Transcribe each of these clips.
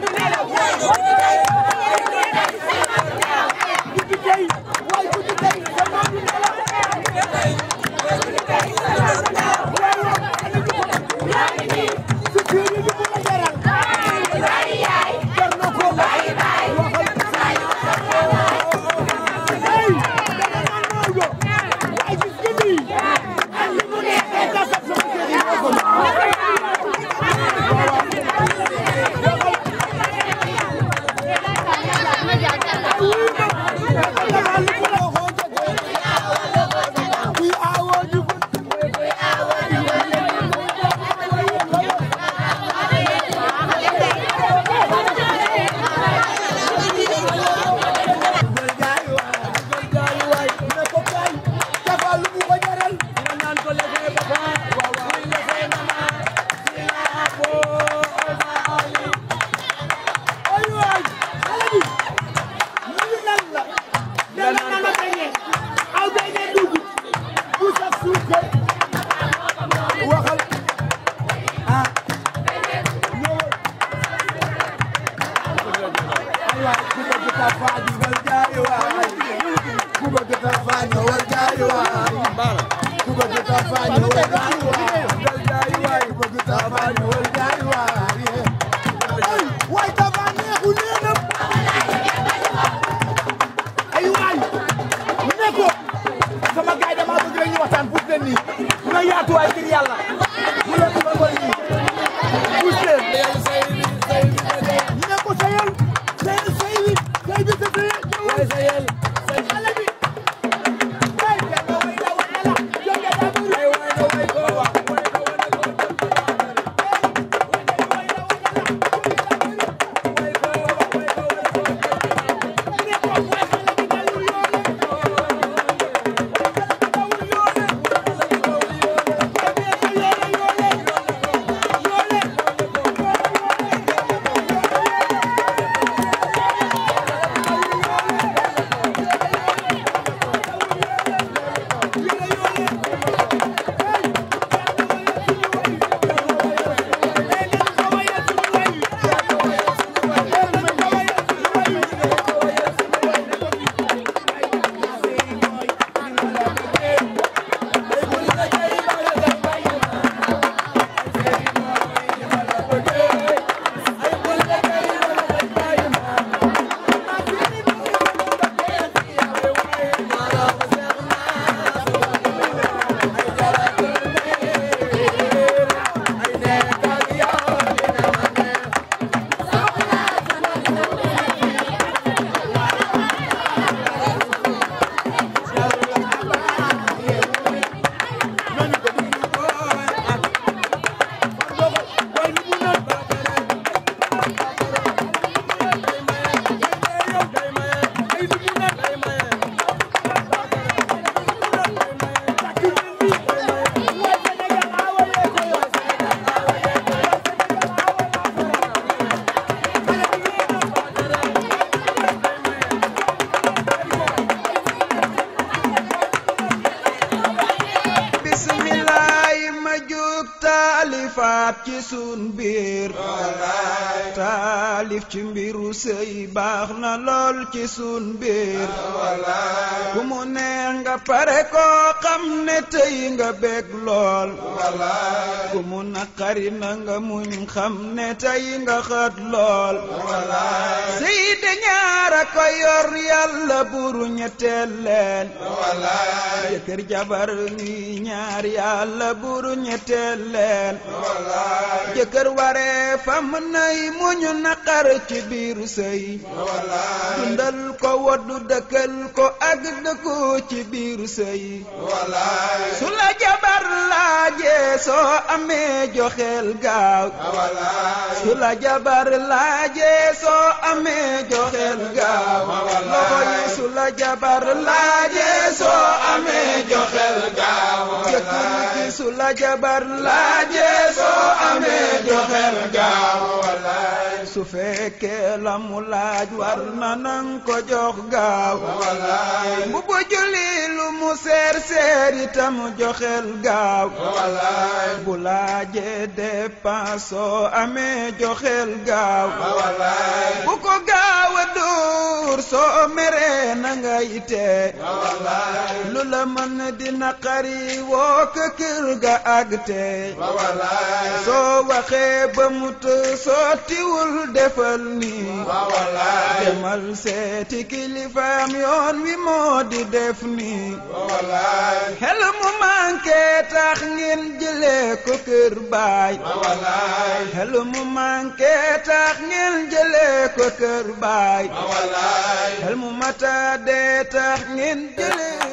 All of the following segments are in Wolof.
mira la I'm gonna get that fire, Many koy faat ci sun biir taalif ci mbiru sëy baax na lool ci sun biir ku mu neex nga pare koo xam ne tey nga bég lool ku mu naqari na nga muñ xam ne tey nga xat lool sëy de ñaara ko yor yàlla buru ñetteel leen jëkkër jabar ñaar yàlla buru ñetteel leen jëkkër waree fam nay muñu naqar ci biiru sëy dundal ko woddu dekel ko de ko ci biiru sëy su la jabar laajee soo amee joxeel gaaw su la jabar laajee soo amee joxeel gaaw loxo su la jabar Yeesu la jabar la jeesoo amee joxel gaaw su fekkee la mu laaj war na nan ko jox gaaw bu bu julli lu mu seer seer itam joxel gaaw bu laajee dépense soo amee joxel gaaw buur soo meree na ngay tee di nakari woo kirga agte ga àgg tee soo waxee ba mut soo tiwul defal nii demal seeti kilifaam yoon wi modi di def nii xel mu manqué tax ngeen jëlee ko kër mu tax ngeen ko xel mu mata dee tax ngeen jëlee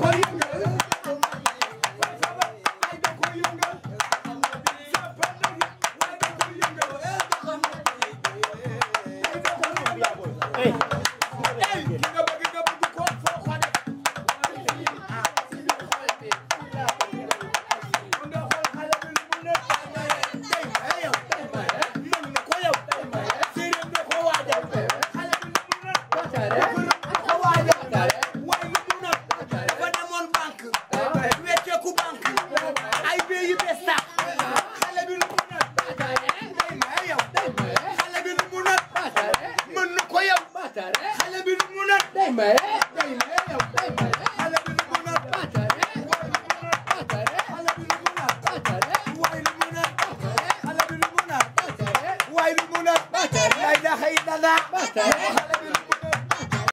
What do you Thank you.